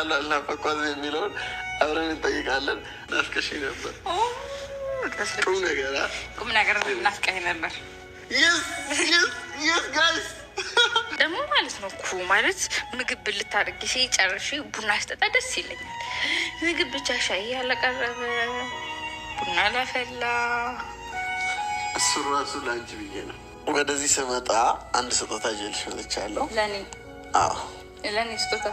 ታላላ በኳዝ የሚለውን አብረን እንጠይቃለን። ናፍቀሽ ነበር ቁም ነገር ቁም ነገር ናፍቀኝ ነበር ደግሞ ማለት ነው እኮ ማለት ምግብ ብልታደርግ ሲ ጨርሽ ቡና ስጠጣ ደስ ይለኛል። ምግብ ብቻ ሻይ ያለቀረበ ቡና ላፈላ እሱ ራሱ ለአንቺ ብዬ ነው። ወደዚህ ስመጣ አንድ ስጦታ ጀልሽ መጥቻለሁ። ለእኔ ለእኔ ስጦታ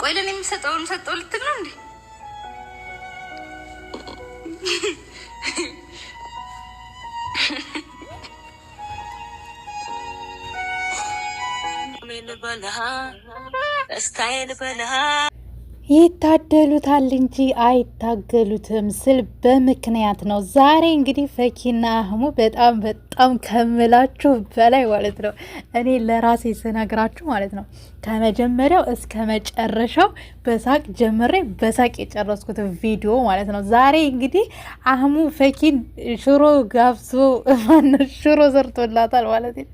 ቆይ ለእኔ የሚሰጠውን ሰጠው ልትል ነው እንዴ? ምን በልሃ እስካዬ ልበልሃ ይታደሉታል እንጂ አይታገሉትም ስል በምክንያት ነው። ዛሬ እንግዲህ ፈኪና አህሙ በጣም በጣም ከምላችሁ በላይ ማለት ነው እኔ ለራሴ ስነግራችሁ ማለት ነው ከመጀመሪያው እስከ መጨረሻው በሳቅ ጀምሬ በሳቅ የጨረስኩት ቪዲዮ ማለት ነው። ዛሬ እንግዲህ አህሙ ፈኪን ሽሮ ጋብዞ ማነ ሽሮ ሰርቶላታል ማለት ነው።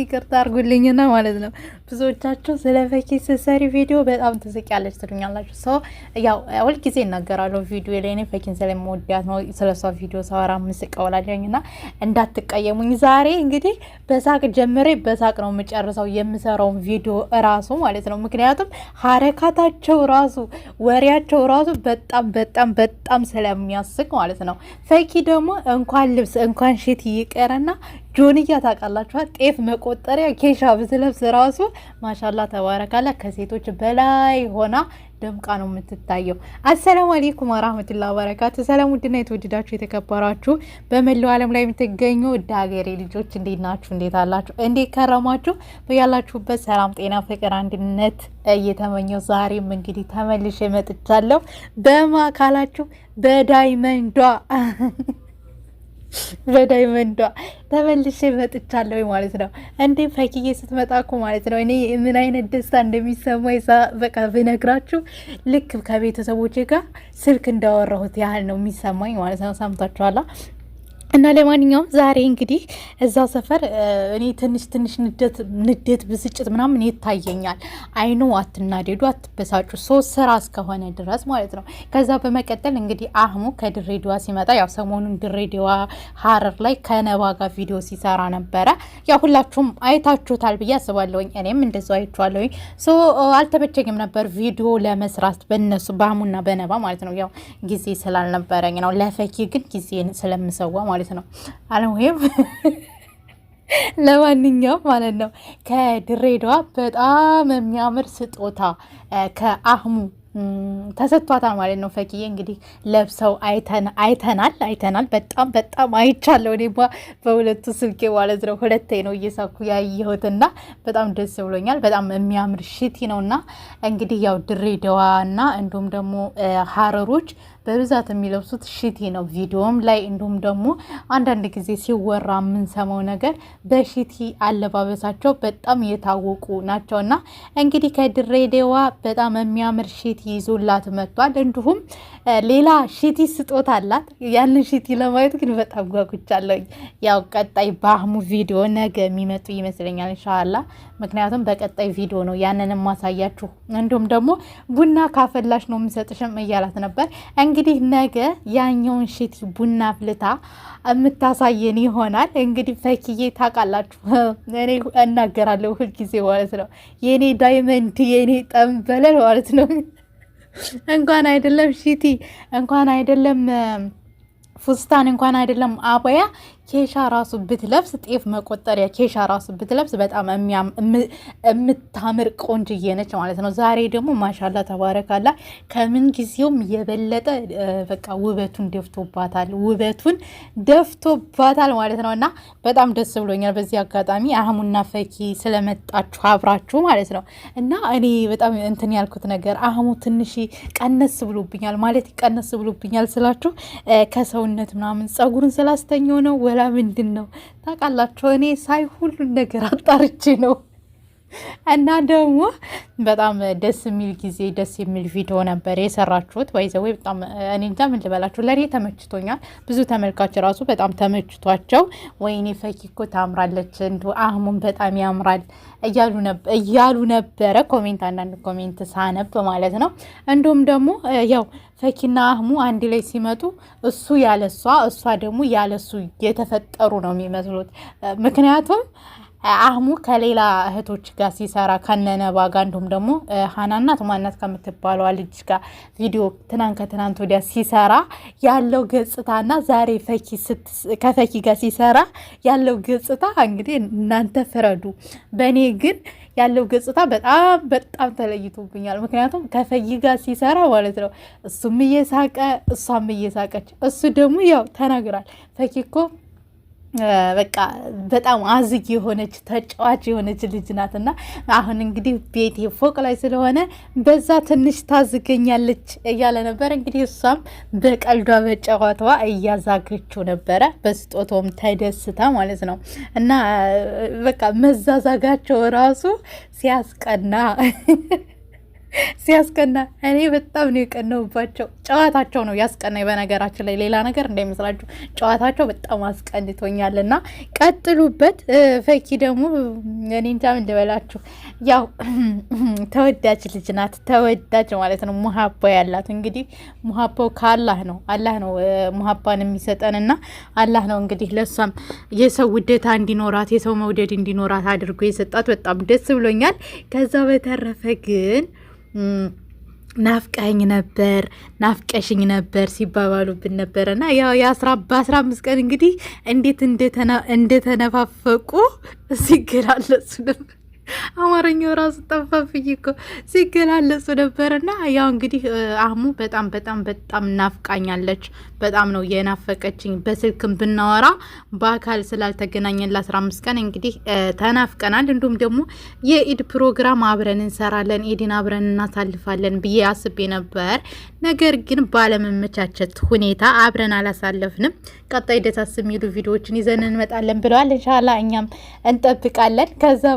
ይቅርታ አድርጉልኝና ማለት ነው ብዙዎቻችሁ ስለ ፈኪ ስሰሪ ቪዲዮ በጣም ትስቂያለች ትሉኛላችሁ ያው ሁልጊዜ እናገራለሁ ቪዲዮ ላይ እኔ ፈኪን ስለምወዳት ነው ስለሷ ቪዲዮ ሳወራ ምስቀው እላለሁኝ እንዳትቀየሙኝ። ዛሬ እንግዲህ በሳቅ ጀምሬ በሳቅ ነው የምጨርሰው የምሰራውን ቪዲዮ ራሱ ማለት ነው። ምክንያቱም ሀረካታቸው ራሱ ወሬያቸው ራሱ በጣም በጣም በጣም ስለሚያስቅ ማለት ነው። ፈኪ ደግሞ እንኳን ልብስ እንኳን ሽት ይቀርና ጆንያ ታውቃላችኋል፣ ጤፍ መቆጠሪያ ኬሻ ብትለብስ ራሱ ማሻላ ተባረካላ ከሴቶች በላይ ሆና ደምቃ ነው የምትታየው። አሰላሙ አሌይኩም ወራህመቱላ በረካቱ። ሰላም ውድና የተወደዳችሁ የተከበራችሁ በመላው ዓለም ላይ የምትገኙ ውድ ሀገሬ ልጆች እንዴት ናችሁ? እንዴት አላችሁ? እንዴት ከረማችሁ? በያላችሁበት ሰላም፣ ጤና፣ ፍቅር፣ አንድነት እየተመኘው ዛሬም እንግዲህ ተመልሼ መጥቻለሁ። በማካላችሁ በዳይመንዷ በዳይመንዷ ተመልሼ መጥቻለሁ ማለት ነው። እንዴ ፈኪዬ ስትመጣ እኮ ማለት ነው እኔ ምን አይነት ደስታ እንደሚሰማ ዛ በቃ ብነግራችሁ ልክ ከቤተሰቦቼ ጋር ስልክ እንዳወራሁት ያህል ነው የሚሰማኝ ማለት ነው። ሰምታችኋላ እና ለማንኛውም ዛሬ እንግዲህ እዛ ሰፈር እኔ ትንሽ ትንሽ ንዴት ብስጭት ምናምን ይታየኛል። አይኑ አትናደዱ፣ አትበሳጩ ሶስት ስራ እስከሆነ ድረስ ማለት ነው። ከዛ በመቀጠል እንግዲህ አህሙ ከድሬዳዋ ሲመጣ ያው ሰሞኑን ድሬዳዋ ሀረር ላይ ከነባ ጋር ቪዲዮ ሲሰራ ነበረ። ያው ሁላችሁም አይታችሁታል ብዬ አስባለሁኝ። እኔም እንደዛ አይቼዋለሁኝ። ሶ አልተመቸኝም ነበር ቪዲዮ ለመስራት በነሱ በአህሙና በነባ ማለት ነው። ያው ጊዜ ስላልነበረኝ ነው። ለፈኪ ግን ጊዜ ስለምሰዋ ማለት ማለት ነው። አለሙሄም ለማንኛውም ማለት ነው ከድሬዳዋ በጣም የሚያምር ስጦታ ከአህሙ ተሰጥቷታል ማለት ነው። ፈኪዬ እንግዲህ ለብሰው አይተናል አይተናል በጣም በጣም አይቻለሁ። እኔ በሁለቱ ስልኬ ማለት ነው ሁለቴ ነው እየሳኩ ያየሁትና በጣም ደስ ብሎኛል። በጣም የሚያምር ሽቲ ነው እና እንግዲህ ያው ድሬዳዋና እንዲሁም ደግሞ ሀረሮች በብዛት የሚለብሱት ሽቲ ነው። ቪዲዮም ላይ እንዲሁም ደግሞ አንዳንድ ጊዜ ሲወራ የምንሰማው ነገር በሽቲ አለባበሳቸው በጣም የታወቁ ናቸው እና እንግዲህ ከድሬዳዋ በጣም የሚያምር ሽቲ ይዞላት መጥቷል። እንዲሁም ሌላ ሽቲ ስጦት አላት። ያንን ሽቲ ለማየት ግን በጣም ጓጉቻለሁ። ያው ቀጣይ በአህሙ ቪዲዮ ነገ የሚመጡ ይመስለኛል እንሻላ። ምክንያቱም በቀጣይ ቪዲዮ ነው ያንን ማሳያችሁ። እንዲሁም ደግሞ ቡና ካፈላሽ ነው የምሰጥሽም እያላት ነበር። እንግዲህ ነገ ያኛውን ሽቲ ቡና አፍልታ የምታሳየን ይሆናል። እንግዲህ ፈኪዬ ታውቃላችሁ፣ እኔ እናገራለሁ ሁልጊዜ ማለት ነው። የኔ ዳይመንድ የኔ ጠንበለል ማለት ነው። እንኳን አይደለም ሽቲ እንኳን አይደለም ፉስታን እንኳን አይደለም አበያ ኬሻ ራሱ ብትለብስ ጤፍ መቆጠሪያ ኬሻ ራሱ ብትለብስ በጣም የምታምር ቆንጅዬ ነች ማለት ነው። ዛሬ ደግሞ ማሻላ ተባረካላ ከምን ጊዜውም የበለጠ በቃ ውበቱን ደፍቶባታል፣ ውበቱን ደፍቶባታል ማለት ነው። እና በጣም ደስ ብሎኛል በዚህ አጋጣሚ አህሙና ፈኪ ስለመጣችሁ አብራችሁ ማለት ነው። እና እኔ በጣም እንትን ያልኩት ነገር አህሙ ትንሽ ቀነስ ብሎብኛል ማለት ቀነስ ብሎብኛል ስላችሁ ከሰውነት ምናምን ፀጉርን ስላስተኘው ነው በኋላ ምንድን ነው ታውቃላችሁ፣ እኔ ሳይ ሁሉን ነገር አጣርቼ ነው እና ደግሞ በጣም ደስ የሚል ጊዜ ደስ የሚል ቪዲዮ ነበር የሰራችሁት። ወይ በጣም እኔ እንጃ ምን ልበላችሁ፣ ለእኔ ተመችቶኛል። ብዙ ተመልካች ራሱ በጣም ተመችቷቸው፣ ወይኔ ፈኪ እኮ ታምራለች፣ እንዲሁ አህሙን በጣም ያምራል እያሉ ነበረ። ኮሜንት አንዳንድ ኮሜንት ሳነብ ማለት ነው። እንዲሁም ደግሞ ያው ፈኪና አህሙ አንድ ላይ ሲመጡ እሱ ያለሷ እሷ ደግሞ ያለሱ የተፈጠሩ ነው የሚመስሉት ምክንያቱም አህሙ ከሌላ እህቶች ጋር ሲሰራ ከነነባ ጋር እንዲሁም ደግሞ ሀናናት ማናት ከምትባለዋ ልጅ ጋር ቪዲዮ ትናንት ከትናንት ወዲያ ሲሰራ ያለው ገጽታና ዛሬ ከፈኪ ጋር ሲሰራ ያለው ገጽታ እንግዲህ እናንተ ፍረዱ። በእኔ ግን ያለው ገጽታ በጣም በጣም ተለይቶብኛል። ምክንያቱም ከፈኪ ጋር ሲሰራ ማለት ነው እሱም እየሳቀ እሷም እየሳቀች እሱ ደግሞ ያው ተናግራል ፈኪ እኮ በቃ በጣም አዝግ የሆነች ተጫዋች የሆነች ልጅ ናት እና አሁን እንግዲህ ቤቴ ፎቅ ላይ ስለሆነ በዛ ትንሽ ታዝገኛለች እያለ ነበር። እንግዲህ እሷም በቀልዷ በጨዋታዋ እያዛገችው ነበረ፣ በስጦቶም ተደስታ ማለት ነው እና በቃ መዛዛጋቸው ራሱ ሲያስቀና ሲያስቀና እኔ በጣም ነው የቀነውባቸው። ጨዋታቸው ነው ያስቀናኝ። በነገራችን ላይ ሌላ ነገር እንዳይመስላችሁ ጨዋታቸው በጣም አስቀንቶኛል እና ቀጥሉበት። ፈኪ ደግሞ እኔ እንጃ ምን ልበላችሁ፣ ያው ተወዳጅ ልጅ ናት። ተወዳጅ ማለት ነው ሙሀባ ያላት እንግዲህ ሙሀባው ከአላህ ነው። አላህ ነው ሙሀባን የሚሰጠን እና አላህ ነው እንግዲህ ለእሷም የሰው ውደታ እንዲኖራት የሰው መውደድ እንዲኖራት አድርጎ የሰጣት በጣም ደስ ብሎኛል። ከዛ በተረፈ ግን ናፍቃኝ ነበር ናፍቀሽኝ ነበር ሲባባሉብን ነበረ እና ያው በአስራ አምስት ቀን እንግዲህ እንዴት እንደተነፋፈቁ ሲገላለጹ ነበር። አማርኛው ራሱ ጠፋብኝ እኮ ሲገላለጹ ነበርና፣ ያው እንግዲህ አህሙ በጣም በጣም በጣም ናፍቃኛለች። በጣም ነው የናፈቀችኝ። በስልክም ብናወራ በአካል ስላልተገናኘን ለአስራ አምስት ቀን እንግዲህ ተናፍቀናል። እንዲሁም ደግሞ የኢድ ፕሮግራም አብረን እንሰራለን፣ ኢድን አብረን እናሳልፋለን ብዬ አስቤ ነበር። ነገር ግን ባለመመቻቸት ሁኔታ አብረን አላሳለፍንም። ቀጣይ ደሳስ የሚሉ ቪዲዮዎችን ይዘን እንመጣለን ብለዋል። እንሻላ እኛም እንጠብቃለን ከዛ